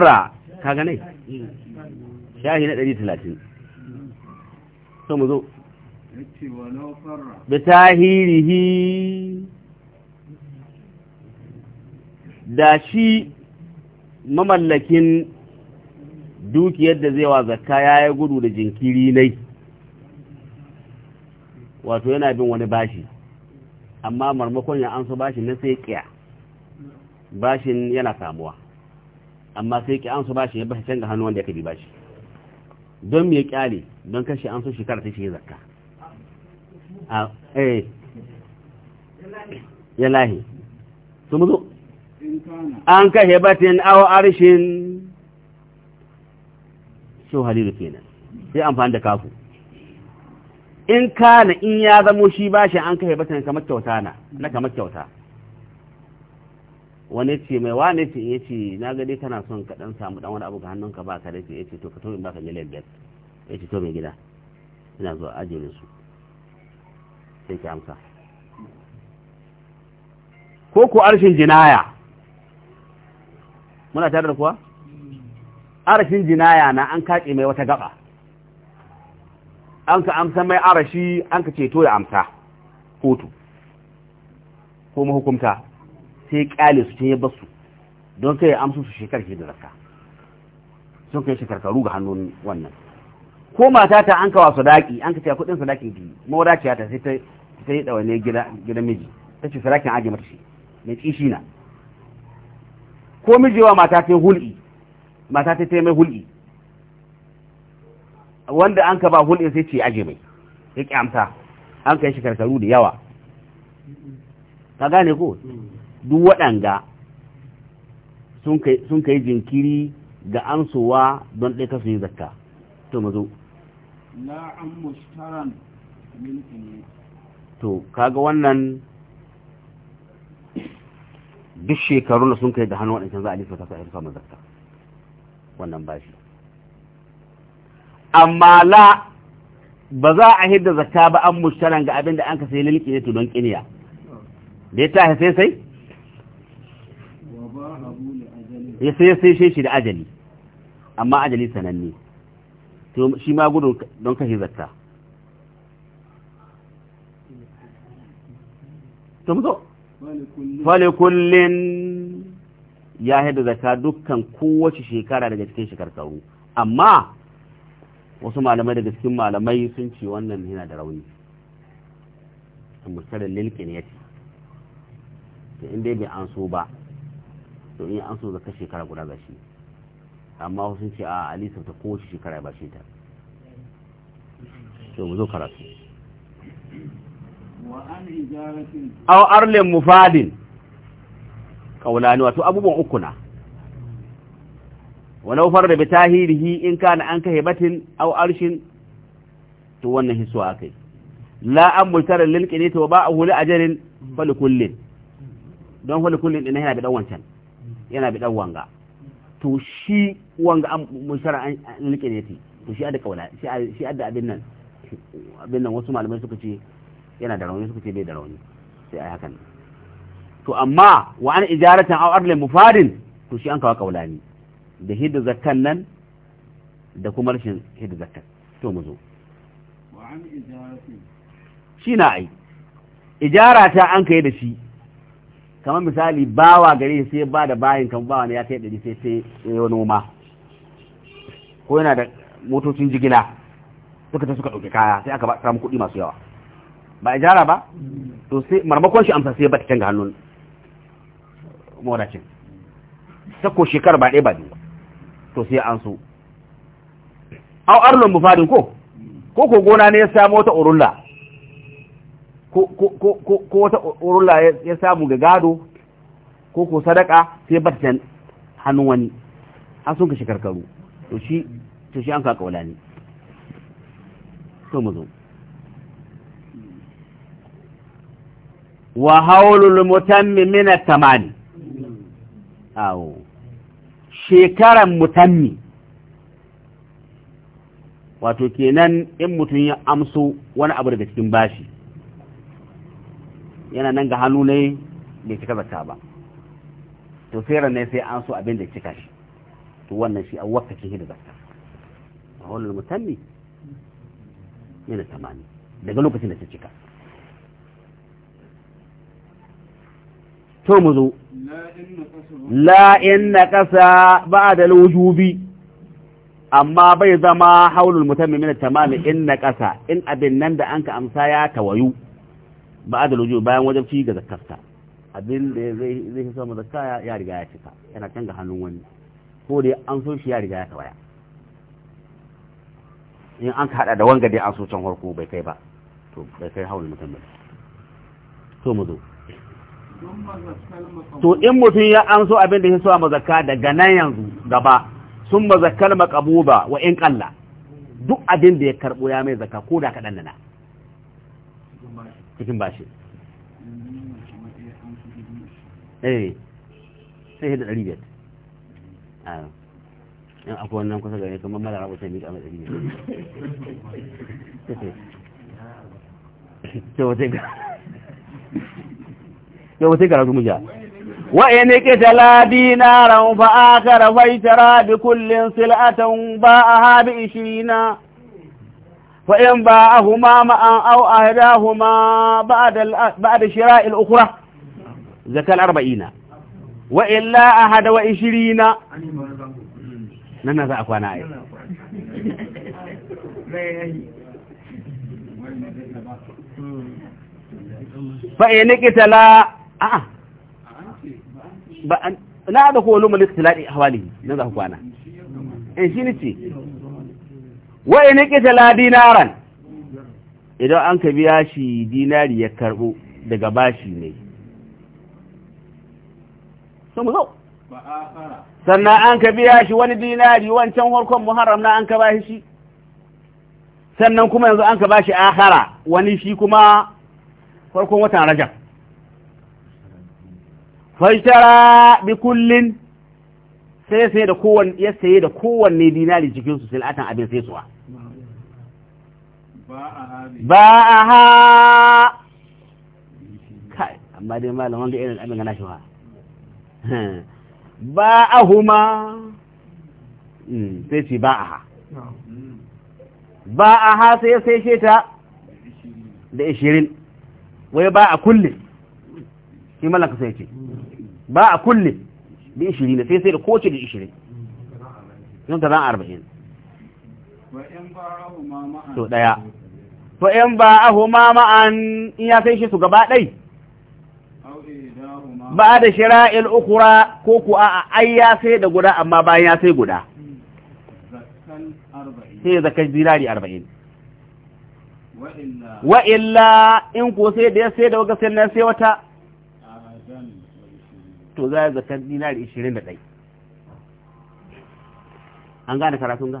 ra ka gane shahi na 130 so mu zo bitahirihi da shi mamallakin dukiyar da zai wa zakka ya yi gudu da jinkiri nai wato yana bin wani bashi amma marmakon ya an su bashi na sai kiya bashin yana samuwa amma sai ki an su bashi ya bashi canza hannu wanda ya kabi bashi don me kyale don kashe an so shekara ta shi zakka a eh ya lahi su muzo an ka hebatin awo arshin so halilu kenan sai amfani da kafu in kana in ya zamo shi bashi an ka hebatin kamar kyauta na na kamar kyauta wani ce mai wane ce ya ce na gani kana son ka dan samu dan wani abu ga hannunka ba ka da ce ya ce to ka tobe baka miliyan biyar ya ce to mai gida ina zuwa ajiye su sai ki amsa ko ku arshin jinaya muna tare da kuwa arshin jinaya na an kaƙe mai wata gaba an ka amsa mai arashi an ka ceto ya amsa kotu ko mahukumta sai ya kyale su ta ya basu don kai ya amsu su shekar ke da raka sun kai shekarkaru ga hannun wannan ko mata ta an kawa sadaki an kace kudin sadakin ki ce ta sai ta yi dawane gida gidan miji ta ce sadakin aje mata shi mai kishi na ko mijewa mata ta hul'i mata ta mai hul'i wanda an ka ba hulɗin sai ce aje mai ya kyamta an kai shi karkaru da yawa ka gane ko duk waɗanga sun kai jinkiri ga ansuwa don ɗaya kasu yi zakka to mazo la'an mushtaran milkin to kaga wannan duk shekarun da sun kai da hannu waɗancan za a lisa kasa a rufa mazarta wannan ba shi amma la ba za a hidda zakka ba an mushtaran ga abin da an ka sai lilki ne don kiniya da ya ta sai sai ya sai sai shi da ajali amma ajali sananne to shi ma gudu don kashe zakka to mu zo falikullin ya haida zakka dukkan kowace shekara daga cikin shekarkaru amma wasu malamai daga cikin malamai sun ce wannan yana da rauni musarar lilkin ya ce inda bai an so ba to in an so zaka shekara guda ga shi amma sun ce a ali ta kowace shekara ba shi ta to mu zo karatu aw arlin mufadin kaulani wato abubuwan uku na walau farda bi tahirihi in kana an batin aw arshin to wannan hiswa akai la an mulkara lil to ba a huli ajalin fal kullin don fal kullin din yana da ɗan wancan yana bi dan wanga to shi wanga an mushara an rike ne ti to shi adda kaula shi adda abin nan abin nan wasu malamai suka ce yana da rauni suka ce bai da rauni sai ai hakan to amma wa an ijaratan aw arlin mufadin to shi an kawo kaulani da hidda zakkan nan da kuma rashin hidda zakkan to mu zo shi na ai ijara ta an kai da shi kamar misali bawa gare shi sai ba da bayan kan bawa ne ya kai ɗari sai sai ya noma ko yana da motocin jigila suka ta suka ɗauki kaya sai aka samu kuɗi masu yawa ba jara ba to sai marmakon shi amsa sai ba ta canza hannun moracin ta ko shekar ba ɗaya ba ne to sai an so au arlon mufadin ko ko ko gona ne ya samu wata urulla ko wata urula ya samu ga gado ko ko sadaka sai ba ta hannun wani an sun kashe karkaru to shi to shi an kaka kaula ne to mu zo wa haulul mutammi min at-tamani awo shekaran mutammi wato kenan in mutum ya amso wani abu daga cikin bashi yana nan ga hannu ne bai cika zakka ba to sai ne sai an so abin da cika shi to wannan shi an wakka shi da zakka a wannan mutanni yana tamani daga lokacin da ta cika to mu zo la in naqasa ba'da al-wujubi amma bai zama haulul mutammi min tamami in naqasa in abin nan da anka amsa ya tawayu ba da lujo bayan wajen fi ga zakarta abin da zai zai so mu zakka ya riga ya cika yana can ga hannun wani ko dai an so shi ya riga ya kawaya in an ka hada da wanga dai an so can harko bai kai ba to bai kai hawan mutum ba to mu zo to in mutum ya an so abin da ya so a mazakka daga nan yanzu gaba sun mazakkar maqbuba wa in kalla duk abin da ya karbo ya mai zakka ko da ka na cikin bashi ɗari mm-hmm. eh, sai hidda ɗari biyar a ah, yan akwai wannan kusa gane kuma mara rabu sai miƙa mai ɗari biyar yau wata gara su mija wa'in ke talabi na a fa'akar waitara da kullum sila'atan ba a haɗe ishirina فإن باعهما معا أو أهداهما بعد بعد شراء الأخرى زكاة الأربعين وإلا أحد وعشرين ننزع أخوانا أي فإن اقتلا آه. لا أدخل لهم الاقتلاء حوالي ننزع أخوانا إن شيء wa in qita la dinaran idan an ka biya shi dinari ya karbo daga bashi ne sun zo sannan an ka biya shi wani dinari wancan harkon muharram na an ka bashi shi sannan kuma yanzu an ka bashi akhara wani shi kuma farkon watan rajab fashtara bi kullin sai sai da kowanne ya saye da kowanne dinari cikin su silatan abin sai suwa ba a ha kai amma dai malam wanda irin abin ga nashi ba a huma hmm, sai ce ba ba a ha a ha sai sai shi ta da 20 wai ba a kulle shi malaka sai ce ba a kulle bi 20 sai sai da kowace da 20 sun ta zan 40 to daya to in ba ahuma ma'an in ya sai shi su gaba dai ba da shira'il ukura a ai ya sai da guda amma bayan ya sai guda sai zakar dinari 40 wa illa in ko sai da ya sai da wata sai wata to za a zakan dinari ɗai an gane karatun ga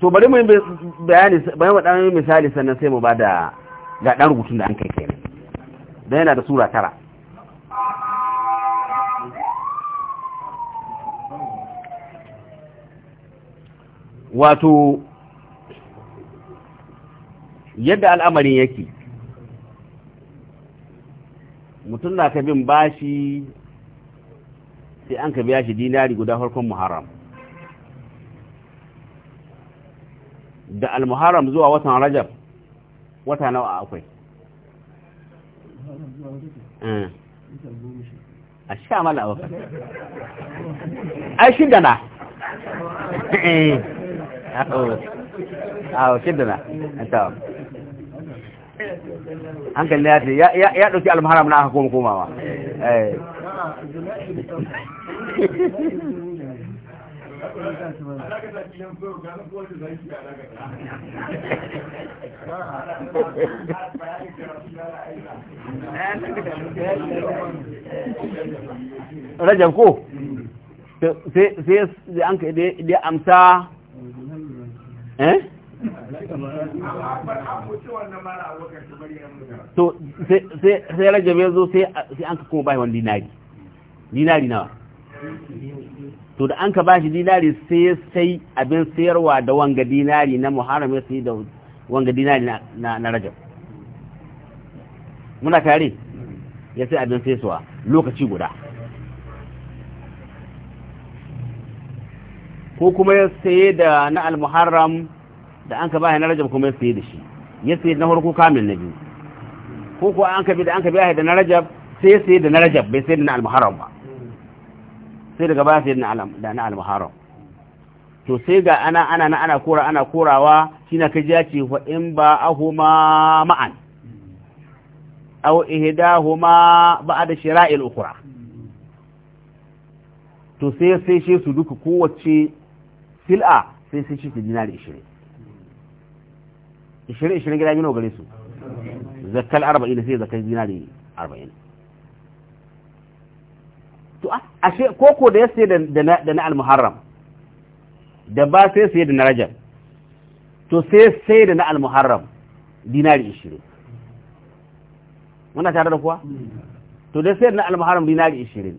to bari mu bayani mu dan misali sannan sai mu bada ga dan rubutun da an kai kenan dan yana da sura tara wato yadda al'amarin yake mutum na ka bin bashi sai an ka biya shi dinari guda farkon muharram da al-muharram zuwa watan rajab wata nawa akwai eh. a sha mala abokan a shida na eh. awo shidana ta hankali ya ce ya ɗauki almaharam na aka koma komawa eh. rajab ko sai an ka amsa eh to sai rajab ya zo sai an ka kuma bai wani dinari dinari nawa to da an ka bashi dinari sai sai abin sayarwa da wanga dinari na muharram ya sai da wanga dinari na rajab muna tare ya sai abin sayarwa lokaci guda ko kuma ya saye da na almuharram da an ka ba na rajab kuma ya saye da shi ya saye na farko kamil na biyu ko ko an ka bi da an ka bi da na rajab sai ya saye da na rajab bai saye da na almuharram ba sai daga baya saye da na almuharram to sai ga ana ana na ana kora ana korawa shi na kaji ya ce wa in ba ahuma ma'an aw ihdahuma ba'da shira'il ukhra to sai sai shi su duka kowace sil'a sai sun shi dinari ishirin ishirin ishirin gida gino ogare su zakkal arba'in sai zakkal dinari arba'in to ashe koko da ya sai da na al-muharram da ba sai sai da na rajab to sai sai da na al-muharram dinari ishirin muna tare da kuwa to da sai da na al-muharram dinari ishirin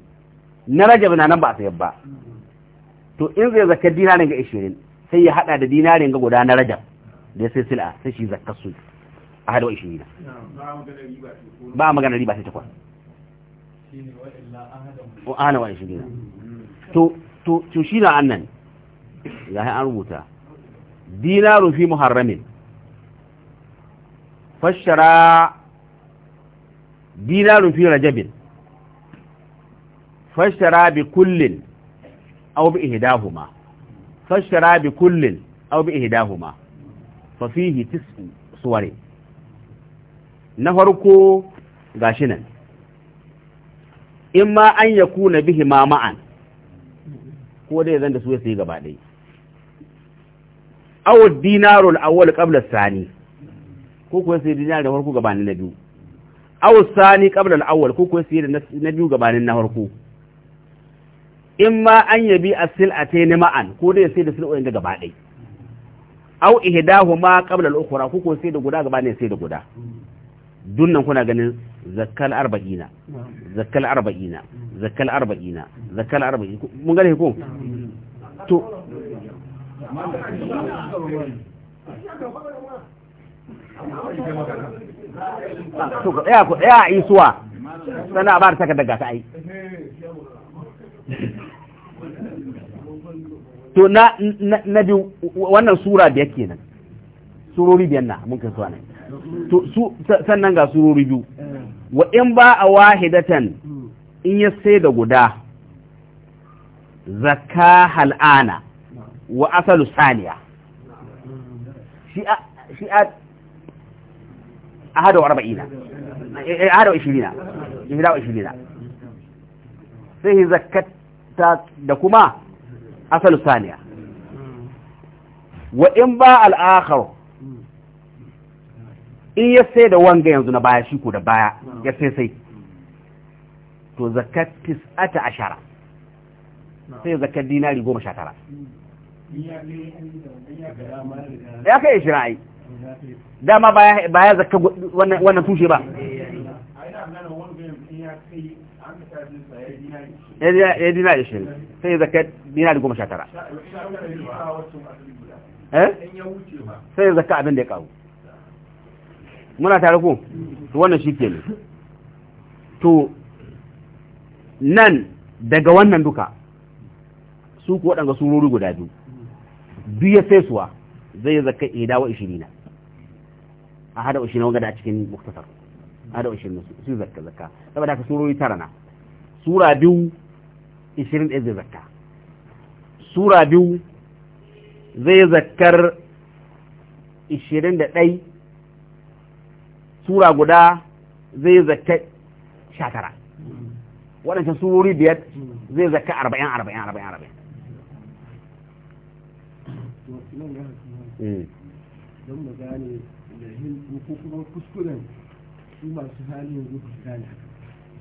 na rajab na nan ba a sayar ba to in zai zakar dinarin ga ishirin, sai ya hada da dinarin ga guda na rajab da sai sila sai shi zakar su a hada na. ba magana riba sai takwas wa ana wa ishirin to to to shi na annan ya an rubuta dinarun fi muharramin fashara dinarun fi rajabin fashara bi kullin أو بإهداهما فاشترى بكل أو بإهداهما ففيه تسع صور نفركو غاشنا إما أن يكون بهما معا هو دي ذنب da su sai gaba dai aw dinaru al ko kuwa sai dinar da farko gabanin na biyu aw sani qabla al ko kuwa sai da na biyu gabanin na farko in ma an yabi a sil'ate ni ma'an ko dai sai da sil'o'in da gaba ɗai au ihdahu ma qabla al-ukhra ko ko sai da guda gaba ne sai da guda dunnan kuna ganin zakkal arba'ina zakkal arba'ina zakkal arba'ina zakkal arba'ina mun gane ko to to ɗaya ku ya isuwa sana ba ta ka daga ta ai to na na bi wannan sura biyar kenan surori biyar na mun zuwa nan to su sannan ga surori biyu wa in ba a wahidatan in ya sai da guda zakka hal'ana wa asalu saniya shi a shi a ahadu arba'ina eh, eh, ahadu ishirina ahadu ishirina sai zakata da kuma asal saniya wa in ba al'akar in ya sai da wanga yanzu na baya shi ko da baya ya sai sai to zakat tis'ata ashara sai zakat dinari goma sha tara ya kai ra'ayi dama baya baya zakat wannan tushe ba ya eh, dina da shirin sai ya zaka dina da goma sha tara eh? sai ya zaka abin da ya kawo muna tare ku to wannan shi ke ne to nan daga wannan duka su ku waɗanga surori guda biyu biyu ya fesuwa zai zaka ida wa ishirina a hada ishirina wanga da cikin muktasar hada ishirina su zakka zakka saboda haka surori tara na sura biyu ishirin ɗaya zai zakka sura biyu zai zakkar ishirin da ɗai sura guda zai zakka sha tara waɗancan surori biyar zai zakka arba'in arba'in arba'in arba'in hmm. don mu gane da hin ko kuma kuskuren su masu hali yanzu ku gane haka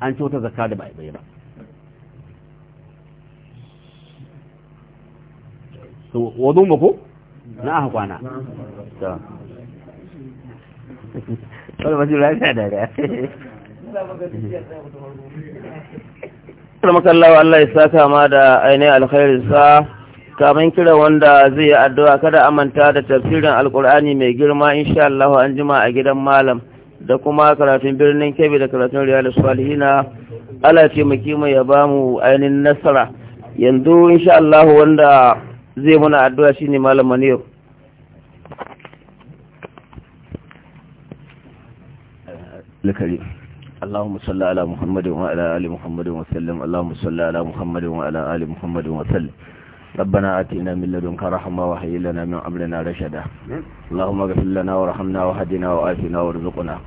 an ci wata zakka da ba a ba so wadon ba ko na aka kwana wadda ba su lafiya da ga Almakallawa Allah ya saka ma da ainihin alkhairinsa, kamin kira wanda zai yi addu'a kada amanta da tafsirin Alƙul'ani mai girma, insha Allah an jima a gidan Malam. da kuma karatun birnin kebe da karatun riyalis salihina ala ce makima ya ba mu ainihin nasara yanzu insha Allah wanda zai muna addu'a shine malam Manir lakari Allahumma salli ala Muhammadin wa ala ali Muhammadin wa sallim Allahumma salli ala Muhammadin wa ala ali Muhammadin wa sallim ربنا آتنا من لدنك رحمة وهيئ لنا من أمرنا رشدا اللهم اغفر لنا وارحمنا واهدنا وآتنا وارزقنا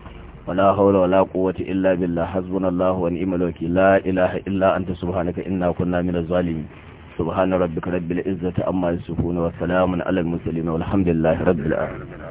wala haula wala quwwata illa billah hasbunallahu wa ni'mal wakeel la ilaha illa anta subhanaka inna kunna minaz zalimin subhana rabbika rabbil izzati amma yasifun wa salamun alal mursalin walhamdulillahi rabbil alamin